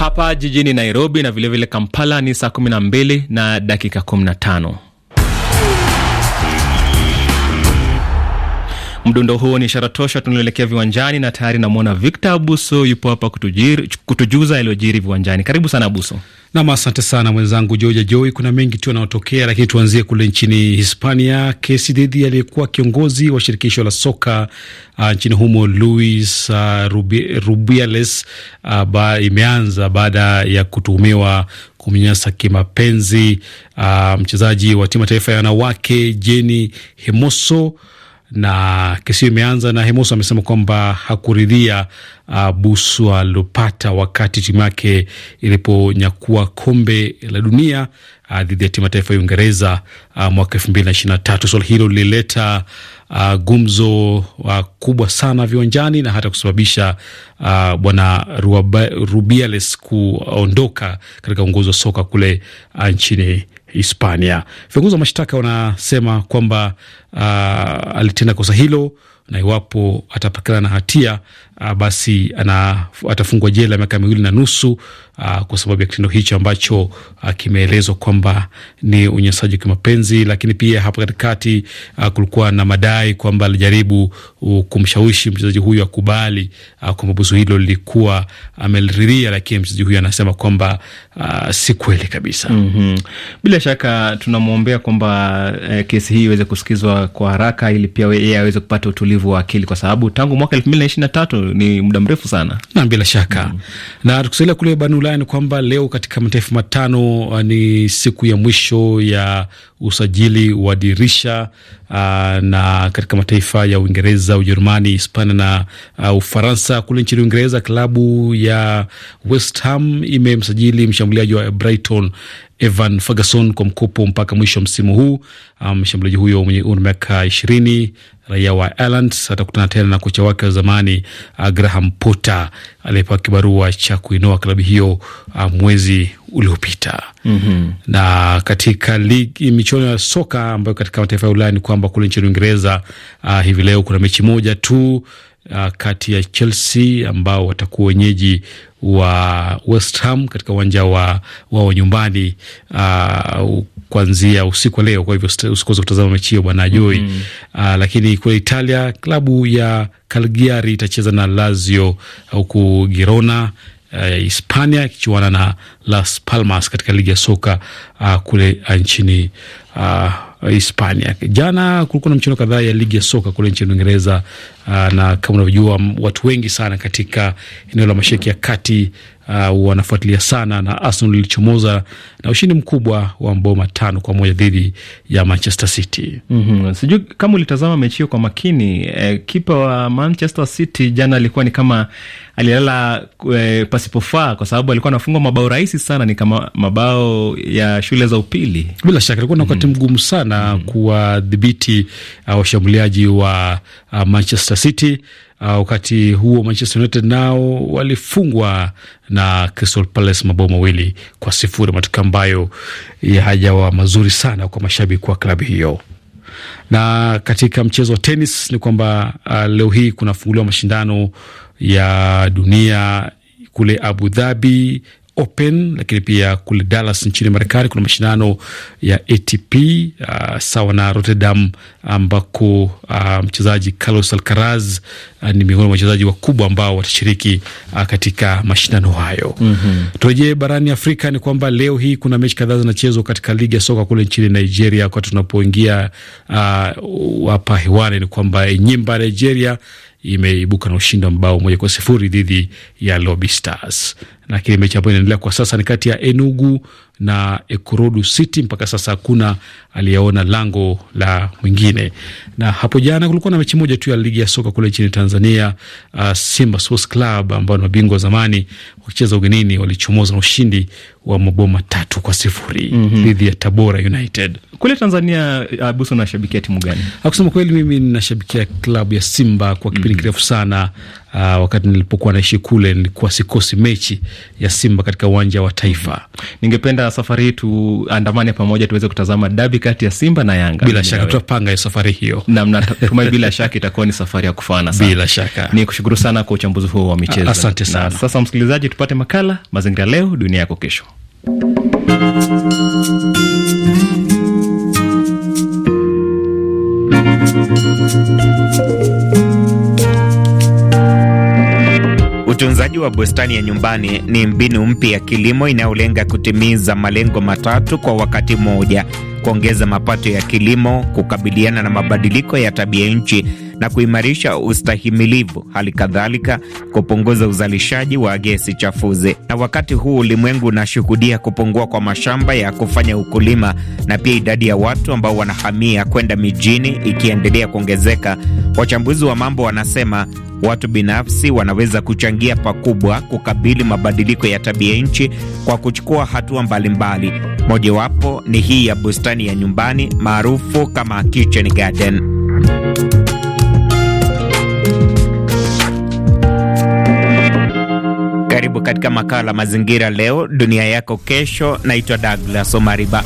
Hapa jijini Nairobi na vilevile vile Kampala ni saa 12 na dakika 15. Mdundo huo ni ishara tosha tunaelekea viwanjani, na tayari namwona Victor Abuso yupo hapa kutujuza yaliyojiri viwanjani. Karibu sana Abuso. Nam, asante sana mwenzangu Joja Joi. Kuna mengi tu yanayotokea, lakini tuanzie kule nchini Hispania. Kesi dhidi aliyekuwa kiongozi wa shirikisho la soka uh, nchini humo Luis uh, Rubi, Rubiales uh, ba, imeanza baada ya kutuhumiwa kumnyanyasa kimapenzi uh, mchezaji wa timu taifa ya wanawake Jeni Hermoso na kesi hiyo imeanza na Hemoso amesema kwamba hakuridhia uh, busu alilopata wakati timu yake iliponyakua kombe la dunia uh, dhidi ya timu ya taifa ya Uingereza uh, mwaka elfu mbili na ishirini na tatu. Suala hilo lilileta uh, gumzo uh, kubwa sana viwanjani na hata kusababisha uh, bwana Rubiales kuondoka katika uongozi wa soka kule uh, nchini Hispania. Viongozi wa mashtaka wanasema kwamba uh, alitenda kosa hilo na iwapo atapatikana na hatia uh, basi ana, atafungwa jela miaka miwili na nusu uh, kwa sababu ya kitendo hicho ambacho uh, kimeelezwa kwamba ni unyanyasaji wa kimapenzi. Lakini pia hapo katikati uh, kulikuwa na madai kwamba alijaribu uh, kumshawishi mchezaji huyu akubali uh, kwamba buzu hilo lilikuwa ameliridhia, lakini mchezaji huyu anasema kwamba uh, si kweli kabisa. mm -hmm. Bila shaka tunamwombea kwamba eh, kesi hii iweze kusikizwa kwa haraka ili pia yeye aweze kupata utulivu utulivu wa akili, kwa sababu tangu mwaka elfu mbili na ishirini na tatu ni muda mrefu sana. Na bila shaka mm. na tukisalia kule barani Ulaya ni kwamba leo katika mataifa matano uh, ni siku ya mwisho ya usajili wa dirisha uh, na katika mataifa ya Uingereza, Ujerumani, Hispania na uh, Ufaransa. Kule nchini Uingereza, klabu ya West Ham imemsajili mshambuliaji wa Brighton Evan Ferguson kwa mkopo mpaka mwisho wa msimu huu. Um, mshambuliaji um, huyo mwenye umri wa miaka ishirini raia wa Ireland atakutana tena na kocha wake wa zamani uh, Graham Potter aliyepewa kibarua cha kuinoa klabu hiyo uh, mwezi uliopita. mm -hmm. Na katika ligi michuano ya soka ambayo katika mataifa ya Ulaya ni kwamba kule nchini Uingereza uh, hivi leo kuna mechi moja tu uh, kati ya Chelsea ambao watakuwa wenyeji wa West Ham katika uwanja wa wao nyumbani uh, kuanzia usiku wa leo. Kwa hivyo usikose kutazama mechi hiyo bwana Joy. mm -hmm. Uh, lakini kule Italia klabu ya Cagliari itacheza na Lazio huku Girona uh, Hispania ikichuana na Las Palmas katika ligi ya soka uh, kule uh, nchini uh, Eh, Hispania. Jana kulikuwa na mchezo kadhaa ya ligi ya soka kule nchini Uingereza, ah, na kama unavyojua watu wengi sana katika eneo la Mashariki ya Kati uh, wanafuatilia sana, na Arsenal ilichomoza na ushindi mkubwa wa mabao matano kwa moja dhidi ya Manchester City. mm -hmm. Sijui kama ulitazama mechi hiyo kwa makini eh, kipa wa Manchester City jana alikuwa ni kama alilala eh, pasipofaa kwa sababu alikuwa anafungwa mabao rahisi sana, ni kama mabao ya shule za upili. Bila shaka alikuwa na wakati mm -hmm. mgumu sana mm -hmm. kuwadhibiti uh, washambuliaji wa uh, Manchester City Ah, wakati huo Manchester United nao walifungwa na Crystal Palace mabao mawili kwa sifuri, matokeo ambayo hayajawa mazuri sana kwa mashabiki wa klabu hiyo. Na katika mchezo wa tenis ni kwamba uh, leo hii kunafunguliwa mashindano ya dunia kule Abu Dhabi Open, lakini pia kule Dallas nchini Marekani kuna mashindano ya ATP uh, sawa na Rotterdam ambako uh, mchezaji Carlos Alcaraz uh, ni miongoni mwa wachezaji wakubwa ambao watashiriki uh, katika mashindano hayo. mm -hmm. Turejee barani Afrika, ni kwamba leo hii kuna mechi kadhaa zinachezwa katika ligi ya soka kule nchini Nigeria. Wakati tunapoingia uh, hapa uh, hewani, ni kwamba Enyimba Nigeria imeibuka na ushindi wa mbao moja kwa sifuri dhidi ya Lobi Stars. Lakini mechi ambayo inaendelea kwa sasa ni kati ya Enugu na Ekorodu City. Mpaka sasa hakuna aliyeona lango la mwingine. Na hapo jana kulikuwa na mechi moja tu ya ligi ya soka kule nchini Tanzania. Uh, Simba Sports Club ambao ni mabingwa zamani wakicheza ugenini walichomoza na ushindi wa mabao matatu kwa sifuri mm -hmm. ya Tabora United kule Tanzania. Abuso, uh, nashabikia timu gani? Akusema kweli, mimi ninashabikia klabu ya Simba kwa kipindi mm -hmm. kirefu sana Uh, wakati nilipokuwa naishi kule nilikuwa sikosi mechi ya Simba katika uwanja wa Taifa. Ningependa safari hii tuandamane pamoja tuweze kutazama dabi kati ya Simba na Yanga. Bila shaka tutapanga safari hiyo na bila shaka itakuwa ni safari ya kufana sana. Bila shaka ni kushukuru sana kwa uchambuzi huo wa michezo, asante sana. Na sasa msikilizaji, tupate makala Mazingira Leo Dunia Yako Kesho. Utunzaji wa bustani ya nyumbani ni mbinu mpya ya kilimo inayolenga kutimiza malengo matatu kwa wakati mmoja: kuongeza mapato ya kilimo, kukabiliana na mabadiliko ya tabia nchi na kuimarisha ustahimilivu, hali kadhalika kupunguza uzalishaji wa gesi chafuzi. Na wakati huu ulimwengu unashuhudia kupungua kwa mashamba ya kufanya ukulima na pia idadi ya watu ambao wanahamia kwenda mijini ikiendelea kuongezeka, wachambuzi wa mambo wanasema watu binafsi wanaweza kuchangia pakubwa kukabili mabadiliko ya tabia nchi kwa kuchukua hatua mbalimbali. Mojawapo ni hii ya bustani ya nyumbani maarufu kama kitchen garden. karibu katika makala Mazingira Leo Dunia Yako Kesho. Naitwa Douglas Omariba.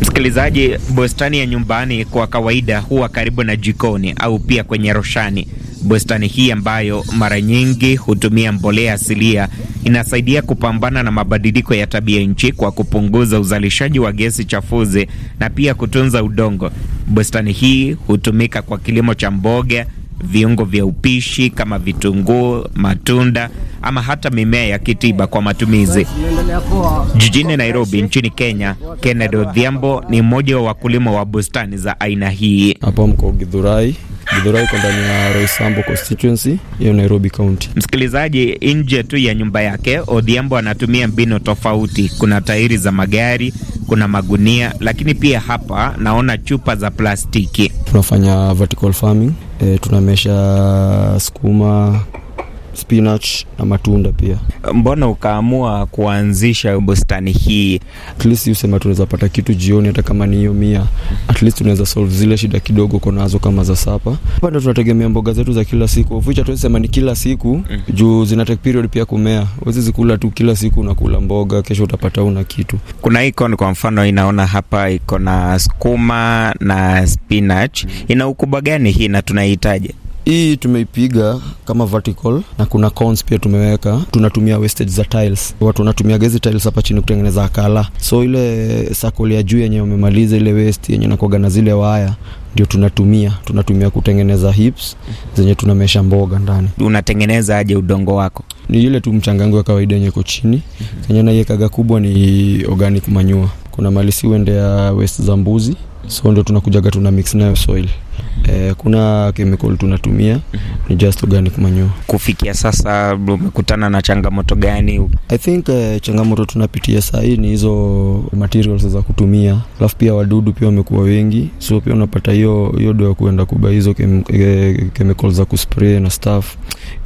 Msikilizaji, bustani ya nyumbani kwa kawaida huwa karibu na jikoni au pia kwenye roshani. Bustani hii ambayo mara nyingi hutumia mbolea asilia inasaidia kupambana na mabadiliko ya tabia nchi kwa kupunguza uzalishaji wa gesi chafuzi na pia kutunza udongo. Bustani hii hutumika kwa kilimo cha mboga viungo vya upishi kama vitunguu, matunda ama hata mimea ya kitiba kwa matumizi. Jijini Nairobi nchini Kenya, Kennedy Odhiambo ni mmoja wa wakulima wa bustani za aina hii. hapo mko Githurai Githurai iko ndani ya Roysambu constituency ya Nairobi County. Msikilizaji, nje tu ya nyumba yake Odhiambo anatumia mbinu tofauti. Kuna tairi za magari, kuna magunia, lakini pia hapa naona chupa za plastiki. Tunafanya vertical farming, e, tunamesha sukuma spinach na matunda pia. Mbona ukaamua kuanzisha bustani hii? At least usema tunaweza pata kitu jioni, hata kama ni hiyo mia, at least solve zile shida kidogo uko nazo kama za sapa. Hapa ndo tunategemea mboga zetu za kila siku, ofuicha tuwezi sema ni kila siku mm. juu zina take period pia kumea. Huwezi zikula tu kila siku unakula mboga, kesho utapata una kitu. Kuna icon kwa mfano inaona hapa iko na sukuma na spinach, mm. ina ukubwa gani hii na tunahitaji hii tumeipiga kama vertical na kuna cones pia tumeweka. Tunatumia wastage za tiles, watu wanatumia gezi tiles hapa chini kutengeneza akala, so ile sakoli ya juu yenye umemaliza ile waste yenye nakoga na zile waya ndio tunatumia tunatumia kutengeneza hips zenye tunamesha mboga ndani. Unatengeneza aje udongo wako? Ni ile tu mchangango wa kawaida yenye iko chini. Kenye naiekaga kubwa ni organic manure. Kuna malisi uende ya waste za mbuzi, so ndio tunakujaga tuna mix nayo soil Eh, kuna chemical tunatumia mm -hmm. Ni just organic manure. Kufikia sasa umekutana na changamoto gani? I think eh, changamoto tunapitia saa hii ni hizo materials za kutumia, alafu pia wadudu pia wamekuwa wengi, so pia unapata hiyo hiyo do ya kuenda kuba hizo eh, chemical za kuspray na stuff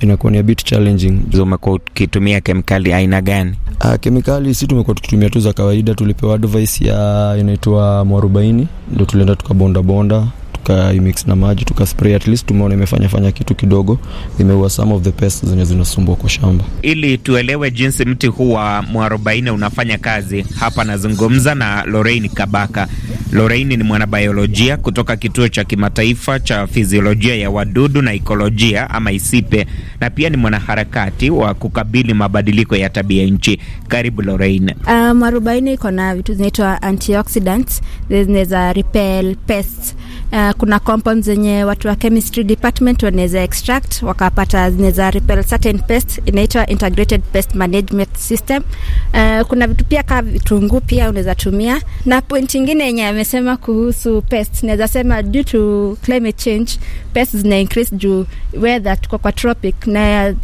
inakuwa ni a bit challenging. Umekuwa ukitumia kemikali aina gani? Uh, ah, kemikali si tumekuwa tukitumia tu za kawaida, tulipewa advice ya inaitwa mwarobaini, ndio tulienda tukabondabonda tukaimix na maji tukaspray, at least tumeona imefanya fanya kitu kidogo, imeua some of the pests zenye zinasumbua kwa shamba. Ili tuelewe jinsi mti huu wa mwarobaini unafanya kazi, hapa nazungumza na Lorraine Kabaka. Lorraine ni mwanabiolojia kutoka kituo cha kimataifa cha fiziolojia ya wadudu na ekolojia ama ISIPE, na pia ni mwanaharakati wa kukabili mabadiliko ya tabia nchi. Karibu Lorraine. Uh, mwarobaini iko na vitu zinaitwa antioxidants zinaweza repel pests Uh, kuna compounds zenye watu wa chemistry department wanaweza extract wakapata, zinaweza repel certain pests, inaitwa integrated pest management system. Uh, kuna vitu pia kama vitunguu pia unaweza tumia, na point nyingine yenye amesema kuhusu pests, naweza sema due to climate change pests zina increase juu weather, tuko kwa tropic na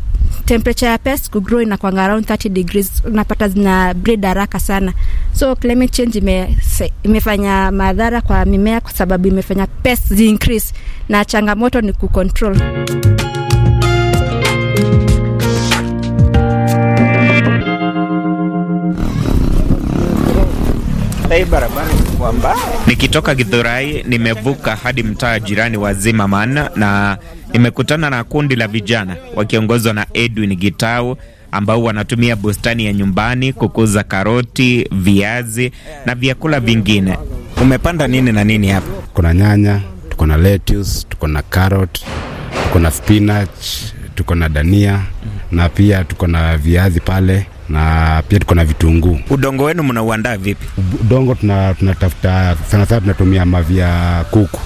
temperature ya pest kugrow inakwanga around 30 degrees, unapata zina breed haraka sana. So climate change ime, se, imefanya madhara kwa mimea kwa sababu imefanya pest zi increase, na changamoto ni kucontrol Nikitoka Githurai nimevuka hadi mtaa jirani wa Zimmerman na nimekutana na kundi la vijana wakiongozwa na Edwin Gitau ambao wanatumia bustani ya nyumbani kukuza karoti, viazi na vyakula vingine. Umepanda nini na nini hapa? Tuko na nyanya, tuko na lettuce, tuko na carrot, tuko na spinach, tuko na dania na pia tuko na viazi pale na pia tuko na vitunguu. Udongo wenu mnauandaa vipi? Udongo tunatafuta, tuna sana sana tunatumia mavi ya kuku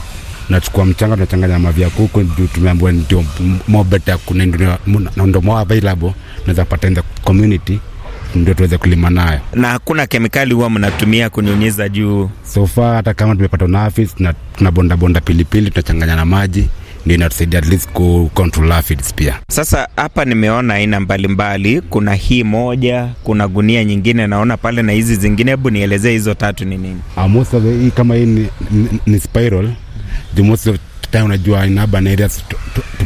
nachukua mchanga tunachanganya mavi ya kuku, ndio tumeambiwa ndio mobeta kunaendelea, ndio ndio mo available naweza pata in the community ndio tuweze kulima nayo. Na hakuna kemikali huwa mnatumia kunyunyiza juu? So far hata kama tumepata na aphids na tunabonda bonda pilipili tunachanganya na maji ndio inatusaidia at least ku control aphids pia. Sasa hapa nimeona aina mbalimbali, kuna hii moja, kuna gunia nyingine naona pale na hizi zingine. Hebu nielezee hizo tatu ni nini? Amosa ah, hii kama hii ni, ni, ni spiral the most of time unajua in urban areas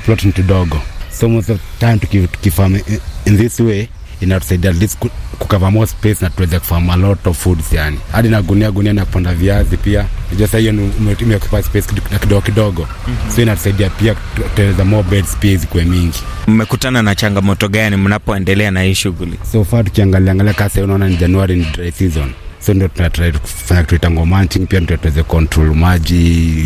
plot ni tudogo so most of time tukifam in this way inatusaidia at least kukava more space na tuweze kufarm a lot of foods yani hadi na gunia gunia na kupanda viazi pia najua saa imeokupa space kidogo kidogo mhm. so inatusaidia pia kutengeneza more bed space zikuwe mingi mmekutana na changamoto gani mnapoendelea na hii shughuli so far tukiangalia angalia kasa unaona ni januari ni dry season so ndio tunatrai kufanya kitu itango mulching, pia ndio tuweze control maji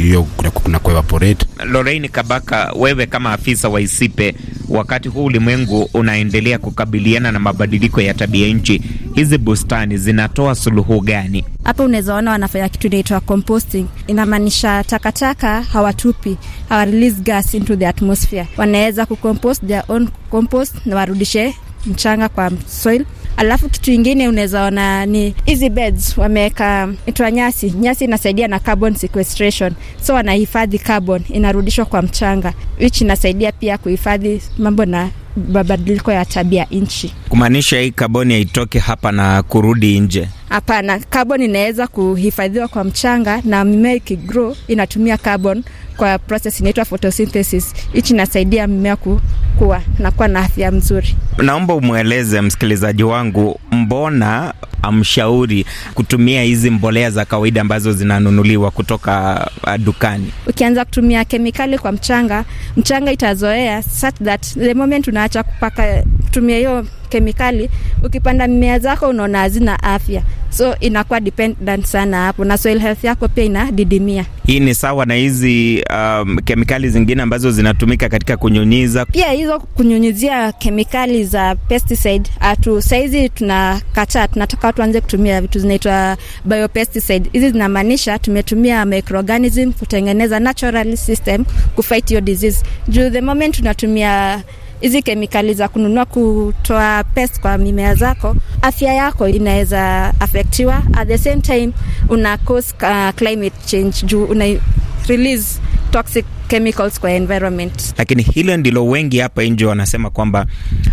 hiyo na kuevaporate. Lorraine Kabaka, wewe kama afisa wa Isipe, wakati huu ulimwengu unaendelea kukabiliana na mabadiliko ya tabia nchi, hizi bustani zinatoa suluhu gani? Hapa unaweza ona wanafanya kitu inaitwa composting, inamaanisha takataka hawatupi, hawa release gas into the atmosphere. Wanaweza kucompost their own compost na warudishe mchanga kwa soil Alafu kitu ingine unaweza ona ni hizi beds wameweka itwa nyasi. Nyasi inasaidia na carbon sequestration, so wanahifadhi carbon, inarudishwa kwa mchanga, which inasaidia pia kuhifadhi mambo na mabadiliko ya tabia nchi, kumaanisha hii kaboni haitoke hapa na kurudi nje. Hapana, kaboni inaweza kuhifadhiwa kwa mchanga na mimea ikigrow inatumia kaboni kwa proses inaitwa photosynthesis, hichi inasaidia mimea ku kuwa nakuwa na afya mzuri. Naomba umweleze msikilizaji wangu mbona amshauri kutumia hizi mbolea za kawaida ambazo zinanunuliwa kutoka uh, dukani. Ukianza kutumia kemikali kwa mchanga, mchanga itazoea such that the moment unaacha kupaka kutumia hiyo kemikali, ukipanda mimea zako unaona hazina afya so inakuwa dependent sana hapo, na soil health yako pia inadidimia. Hii ni sawa na hizi um, kemikali zingine ambazo zinatumika katika kunyunyiza, pia hizo kunyunyizia kemikali za pesticide. Atu ah, saizi tunakataa, tunataka tuanze kutumia vitu zinaitwa biopesticide. Hizi zinamaanisha tumetumia microorganism kutengeneza natural system kufight hiyo disease, juu the moment tunatumia hizi kemikali za kununua kutoa pest kwa mimea zako, afya yako inaweza afektiwa. At the same time una cause uh, climate change juu una release toxic chemicals kwa environment. Lakini hilo ndilo wengi hapa nje wanasema kwamba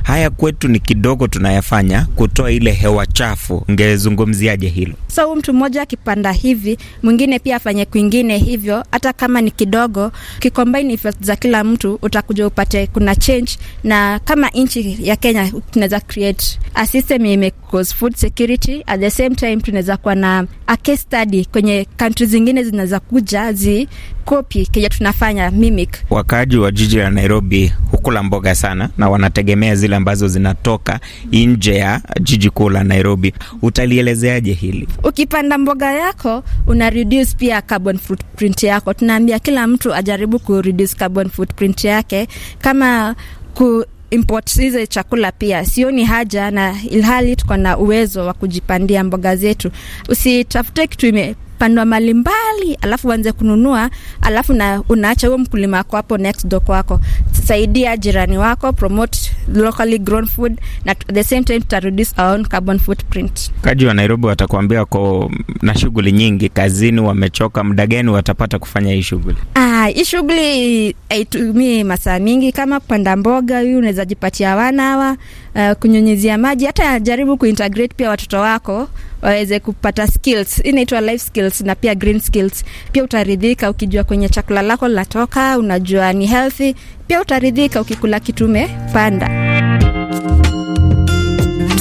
haya kwetu ni kidogo tunayafanya kutoa ile hewa chafu. Ungezungumziaje hilo? So mtu mmoja akipanda hivi, mwingine pia afanye kwingine hivyo, hata kama ni kidogo, kikombaini effect za kila mtu, utakuja upate kuna change, na kama nchi ya Kenya tunaweza create a system ime cause food security at the same time tunaweza kuwa na a case study kwenye country zingine zinaweza kuja zi kopi kenye tunafanya mimic. Wakaaji wa jiji la Nairobi hukula mboga sana na wanategemea zile ambazo zinatoka nje ya jiji kuu la Nairobi. Utalielezeaje hili? Ukipanda mboga yako una reduce pia carbon footprint yako. Tunaambia kila mtu ajaribu ku reduce carbon footprint yake kama ku import hizo chakula pia sioni haja, na ilhali tuko na uwezo wa kujipandia mboga zetu. Usitafute kitu ime panua mali mbali, alafu uanze kununua, alafu na unaacha huo mkulima wako hapo next door kwako. Saidia jirani wako, promote locally grown food na at the same time to reduce our own carbon footprint. Kaji wa Nairobi watakuambia ko na shughuli nyingi kazini, wamechoka. Muda gani watapata kufanya hii shughuli? Ah, hii shughuli haitumii masaa mingi, kama kupanda mboga, huyu unaweza jipatia wana hawa uh, kunyunyizia maji, hata jaribu kuintegrate pia watoto wako waweze kupata skills. inaitwa life skills na pia green skills. Pia utaridhika ukijua kwenye chakula lako linatoka, unajua ni healthy. Pia utaridhika ukikula kitume panda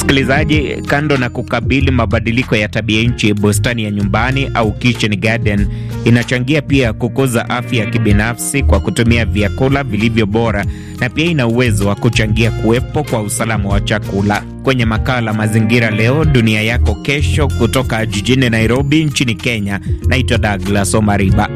Msikilizaji, kando na kukabili mabadiliko ya tabia nchi, bustani ya nyumbani au kitchen garden inachangia pia kukuza afya ya kibinafsi kwa kutumia vyakula vilivyo bora, na pia ina uwezo wa kuchangia kuwepo kwa usalama wa chakula. Kwenye makala Mazingira Leo Dunia Yako Kesho, kutoka jijini Nairobi nchini Kenya, naitwa Douglas Omariba.